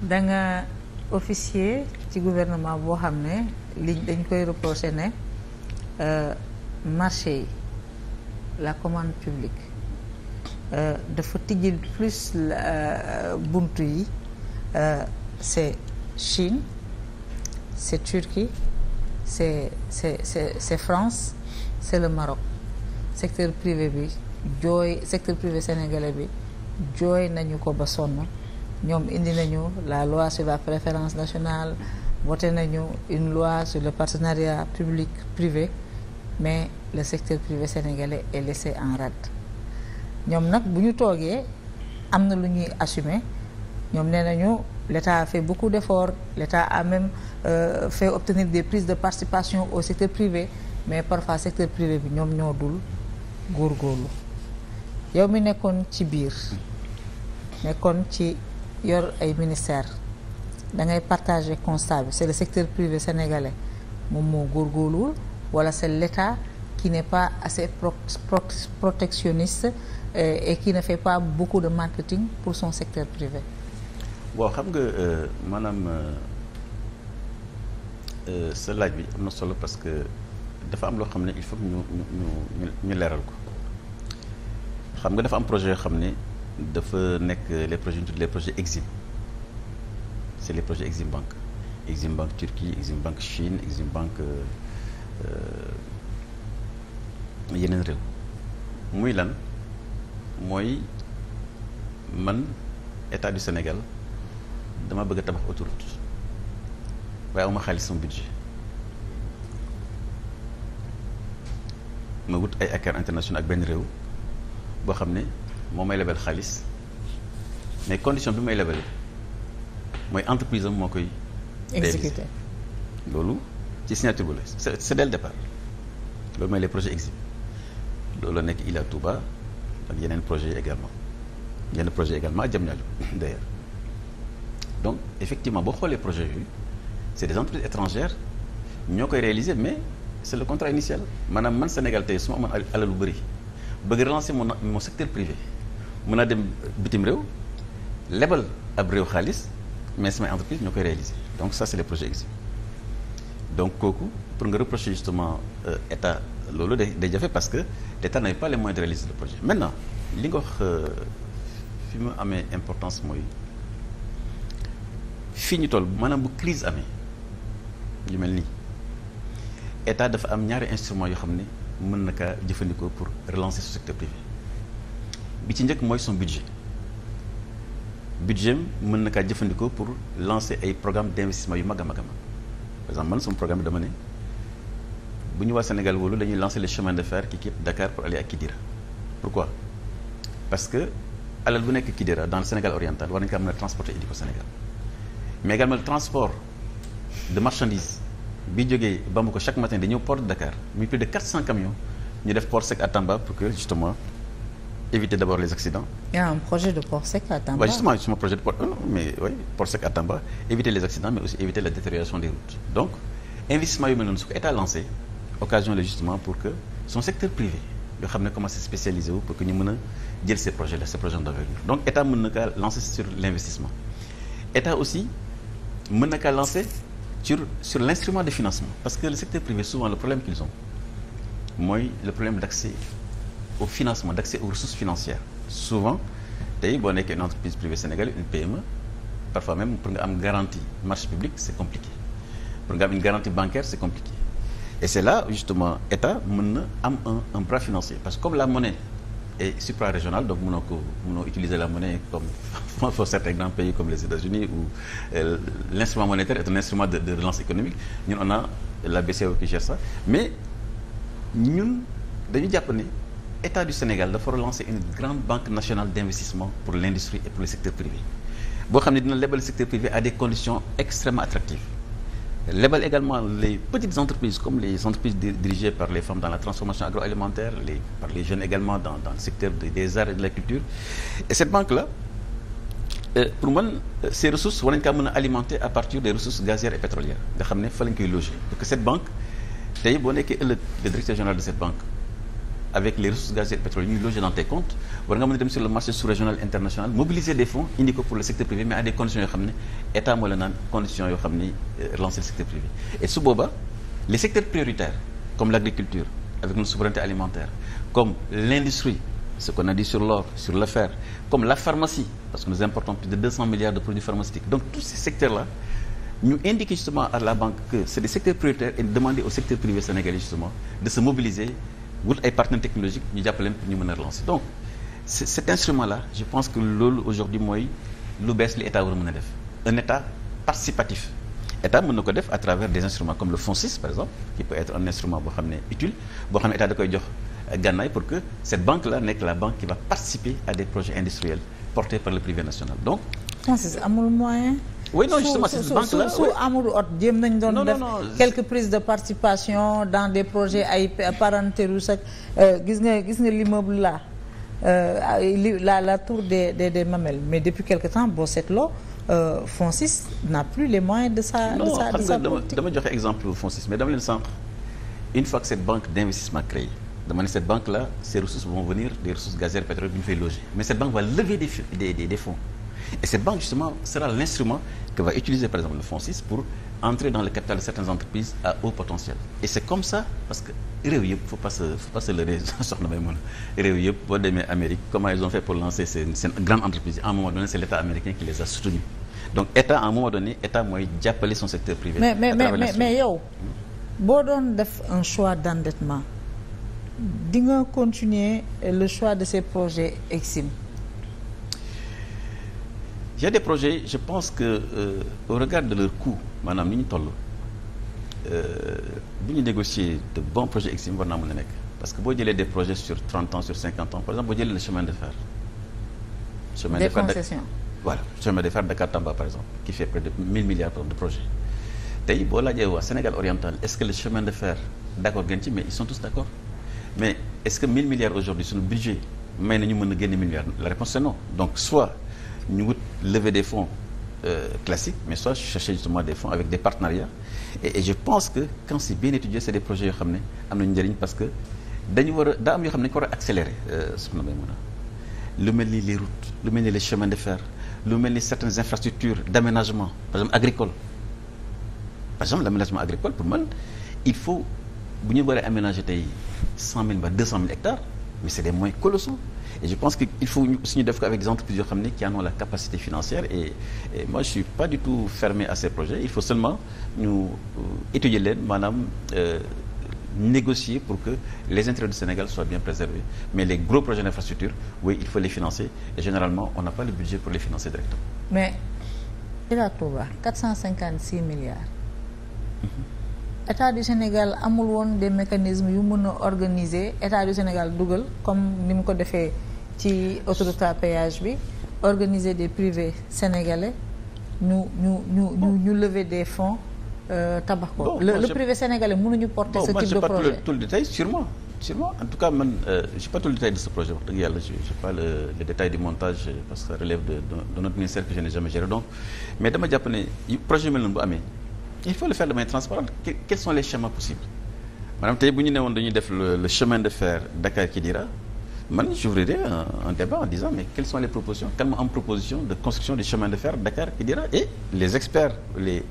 da nga officier ci gouvernement boo xam ne li dañ koy reproché ne euh, marché yi la commande publique euh, dafa tijji plus euh, buntu yi c'est Chine c'est Turquie c'est c'est c'est c'est France c'est le Maroc secteur privé bi jooy secteur privé sénégalais bi jooy nañu ko ba sonn ñoom indi nañu la loi sur la préférence nationale voté nañu une loi sur le partenariat public privé mais le secteur privé sénégalais est laissé en rade ñoom nag bu ñu toogee am na lu ñuy assumer ñoom nee nañu l'État a fait beaucoup d'efforts l'État a même euh, fait obtenir des prises de participation au secteur privé mais parfois secteur privé bi ñoom ñoo dul góorgóorlu yow mi nekkoon ci biir nekkoon ci yor ay ministère da ngay partager constat bi c'est le secteur privé sénégalais moom moo góor góorgóorluwul wala c'est l'État ki ne pas assez pro pro protectionniste euh, et qui ne fait pas beaucoup de marketing pour son secteur privé. waaw xam nga euh, maanaam euh, sa laaj bi am na solo parce que dafa am loo xam ne il faut ñu ñu ñu ñu leeral ko xam nga dafa am projet yoo xam ne. dafa nekk les projets les projets Exim c'est les projets Exim banque Exim Bank Turquie Exim banque Chine Exim banque euh, euh, yeneen réew muy lan mooy man état du Sénégal dama bëgg a tabax autoroute waaye awma xaalis sama budget ma wut ay accord international ak benn réew boo xam ne moo may lebal xaalis mais condition bi may lebal mooy entreprise am moo koy. exécuté loolu ci signature bu la c'est dès le départ loolu mooy les projets exib loolu la nekk Ila Touba ak yeneen projet également yenn projet également ak Diamniadio d'ailleurs donc effectivement boo xoolee projet yooyu c'est des entreprises étrangères ñoo koy réaliser mais c'est le contrat initial maanaam man Sénégal tey su ma amoon alal lu bëri bëgg relancer mon mon secteur privé mën a dem bitim réew lebal ab réew xaalis mais samay entreprise ñoo koy réaliser donc ça c'est les projets existants donc kooku pour nga reprocher justement euh, état loolu de day jafe parce que l'état n'avait pas les moyens de réaliser le projet maintenant li nga wax euh, fi mu amee importance mooy fii ñu toll maanaam bu crise amee yu mel nii état dafa am ñaari instruments yoo xam ne mën na kaa jëfandikoo pour relancer ce secteur privé bi ci njëkk mooy son budget budget mën na kaa jëfandikoo pour lancer ay programme d'investissement yu mag a mag a mag par exemple man sama programme dama ne bu ñu waa Sénégal wóolu dañuy lancer le chemin de fer qui quitte Dakar pour aller à Kidira pourquoi parce que alal bu nekk Kidira dans le Sénégal oriental war nañu kaa mën a transporter indi ko Sénégal mais également le transport de marchandises bi jógee ko chaque matin dañu ñëw port de Dakar muy ñu def port à Tamba pour que justement éviter d'abord les accidents. Il y a un projet de port sec à Tamba. justement, projet de port, euh, non, mais éviter les accidents, mais éviter la détérioration des routes. Donc, investissement yu mel noonu su ko occasion la justement pour que son secteur privé yoo xam ne commencé spécialisé wu pour que ñu mën a jël ces projets là ces projets d'envergure donc état mën na kaa sur l'investissement état aussi mën na kaa sur l'instrument de financement parce que l secteur privé souvent le au financement d'accès aux ressources financières souvent tey boo nekkee une entreprise privée sénégalaise une PME parfois même pour nga am garantie marché public c'est compliqué pour nga am une garantie bancaire c'est compliqué et c'est là justement état mën na am un un bras financier parce que comme la monnaie est suprarégionale donc mënoo ko mënoo utiliser la monnaie comme pour certains grands pays comme les États-Unis où euh, l'instrument monétaire est un instrument de, de relance économique ñun on a la BCEAO mais ñun jàpp ne état du Sénégal dafa relancer une grande banque nationale d'investissement pour l'industrie et pour le secteur privé boo xam ne dina lebal secteur privé à des conditions extrêmement attractives lebal également les petites entreprises comme les entreprises dirigées par les femmes dans la transformation agroalimentaire les par les jeunes également dans le secteur des arts et de la culture et cette banque là euh, pour man ces euh, ressources war nañ kaa mën a partir des ressources gazières et pétrolières nga xam ne fa lañ koy loger parce que avec les ressources gazières et pétrolières ñuy dans tes comptes war nga mën a dem sur le marché sous-régional international mobiliser des fonds indi pour le secteur privé mais à des conditions yoo xam ne état moo la naan conditions yoo xam ni euh, relancer le secteur privé et su boobaa les secteurs prioritaires comme l'agriculture avec notre souveraineté alimentaire comme l'industrie ce qu'on a dit sur l'or sur le fer comme la pharmacie parce que nous importons plus de 200 milliards de produits à banque que c'est des secteurs prioritaires et demander au secteur wut ay partenaires technologiques ñu jàppale pour ñu mën a relancer donc cet instrument là je pense que loolu aujourd'hui mooy lu bees li état war a mën a def un état participatif état mën na ko def à travers des instruments comme le FONSIS par exemple qui peut être un instrument boo xam ne utile boo xam ne état da koy jox gànnaay pour que cette banque là nekk la banque qui va participer à des projets industriels portés par le privé national donc oui non justement jéem nañ doon def quelques prises de participation dans des projets ay Parenterous ak euh, gis nga gis nga l'immeuble là euh, la la tour des des des mais depuis quelque temps boo seetloo euh, Francis n'a plus les moyens de sa de sa de sa politique dama joxe exemple Francis mais dama leen sànq une fois que cette banque d'investissement créée dama ne cette banque là ces ressources vont venir des ressources gazières pétrolières bi ñu fay loger mais cette banque va lever Et cette banque, justement, sera l'instrument que va utiliser, par exemple, le Fonds pour entrer dans le capital de certaines entreprises à haut potentiel. Et c'est comme ça, parce que réew yëpp faut pas se faut pas se leurrer soxna may mën a réew yëpp boo demee Amérique comment ils ont fait pour lancer seen seen grande entreprise à un moment donné c'est l'État américain qui les a soutenus donc État à moment donné État mooy jàppale son secteur privé. mais mais boo doon def un choix d'endettement di nga continuer le choix de ces projets j'ai des projets je pense que euh, au regard de leur coût maanaam ni ñu toll euh, bu ñu négocier de bons projets exim war mën a nekk parce que boo jëlee des projets sur 30 ans sur 50 ans par exemple boo jëlee le chemin de fer de fer voilà chemin de fer Dakar Tamba par exemple qui fait près de 1000 milliards de projets tey boo laajee waa Sénégal oriental est-ce que le chemin de fer d'accord ngeen ci mais ils sont tous d'accord mais est a génne 1000 ñu wut lever des fonds euh, classiques mais soit chercher justement des fonds avec des partenariats et, je pense que quand c'est bien étudié c'est des projets yoo xam ne am nañu njëriñ parce que dañu war a daa am yoo xam ne dañu ko war a accélérer euh, soxna Maïmouna lu mel ni les routes lu mel ni les chemins de fer lu mel ni certaines infrastructures d'aménagement par exemple agricole par exemple l'aménagement agricole pour man il faut bu ñu war a aménager tey cent mille ba deux cent mille hectares mais c'est des moyens colossaux et je pense que il faut suñu def ko avec des entreprises yoo xam ne qui en ont la capacité financière et, et moi je suis pas du tout fermé à ces projets il faut seulement ñu euh, étudier leen maanaam euh, négocier pour que les intérêts du Sénégal soient bien préservés mais les gros projets d'infrastructure oui il faut les financer et généralement on n'a pas le budget pour les financer directement mais Ila Touba 456 milliards mhm. état du Sénégal amul woon des mécanismes yu mën a organiser état Sénégal dugal comme ni mu ko defee ci autoroute à bi organiser des privés sénégalais ñu ñu ñu ñu ñu lever des fonds euh, tabax ko le, le privé sénégalais mënuñu porter bon, ce moi, type de projet tout le, détail sûrement sûrement en tout cas man euh, pas tout le détail de ce projet wax dëgg yàlla j'ai pas le, le détail du montage euh, parce que ça relève de, de, de notre ministère que je n'ai jamais géré donc mais dama jàpp ne projet mel noonu bu amee il faut le faire de manière transparente quels sont les schémas possibles bu ñu ne woon dañuy le chemin de fer Dakar Kidira man j'ouvrirai un, un débat en disant mais quelles sont les propositions calme en proposition de construction du chemin de fer Dakar Kidira et les experts les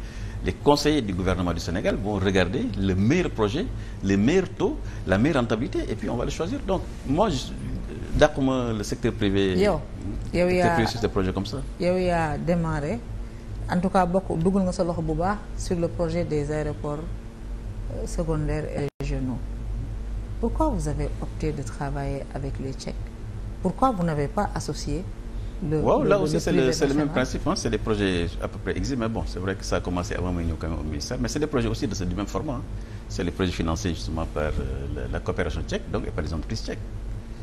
les conseillers du gouvernement du Sénégal vont regarder le meilleur projet le meilleur taux la meilleure rentabilité et puis on va le choisir donc moi euh, dàquma le secteur privé. yow yow yaa privé en tout cas bokk dugal nga sa loxo bu baax sur le projet des aéroports euh, secondaires et régionaux. pourquoi vous avez opté de travailler avec les Tchèques pourquoi vous n'avez pas associé le waaw là c'est vrai que ça a commencé avant may ñëw quand même ministère mais c'est des projets aussi de même format c'est les projets financés par euh, la coopération tchèque donc et par les entreprises tchèques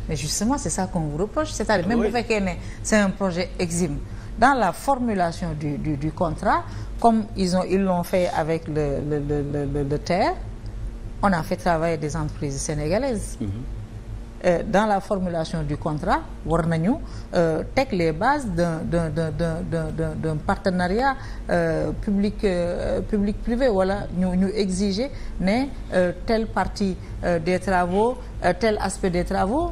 mais justement c'est ça qu'on vous reproche c'est-à-dire même bu ne c'est projet exigu dans la formulation du, du, du contrat comme ils ont ils l'ont fait avec le le le le, le TER on a fait travailler des entreprises sénégalaises. Mm dans la formulation du contrat war nañu euh, teg les de d'un d'un d'un d'un d'un partenariat euh, public euh, public privé wala ñu ñu exiger ne parti partie des travaux tel aspect des travaux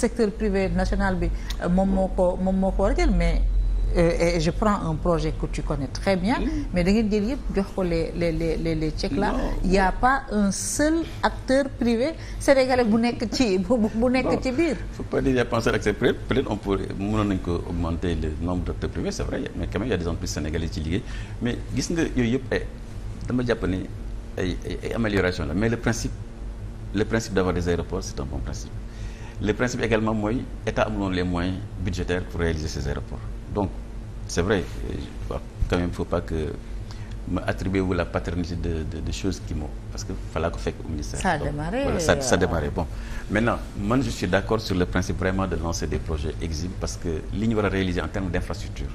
secteur privé national bi moom moo ko moom moo mais. Euh, et je prends un projet que tu connais très bien mais da ngeen jël yëpp jox ko le les le les Tchèques là il y a pas un seul acteur privé sénégalais bu nekk ci bu nekk ci biir faut pas dire y a pas un seul acteur privé peut-être on pourrait mënoon nañ ko augmenter le nombre d'acteurs privés c'est vrai mais quand y a des entreprises sénégalaises ci liggéey mais gis nga yooyu yëpp ay eh, dama jàpp ni ay ay amélioration la mais le principe le principe d'avoir des aéroports c'est un bon principe le principe pour réaliser donc c'est vrai euh, quand même faut pas que ma attribuer wu la paternité de de de choses qui m'ont parce que falaa ko fekk au ministère. ça a démarré voilà ça ça euh, je suis d'accord sur le principe vraiment de lancer des projets EXIM parce que li ñu war a réaliser en termes d'infrastructure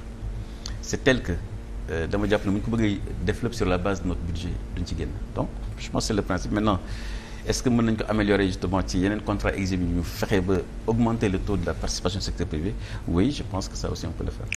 c'est tel que euh, dama jàpp ne bu ñu ko bëggee développer sur la base de notre budget duñ ci génn donc je pense c'est le principe maintenant est-ce que mën nañu ko améliorer justement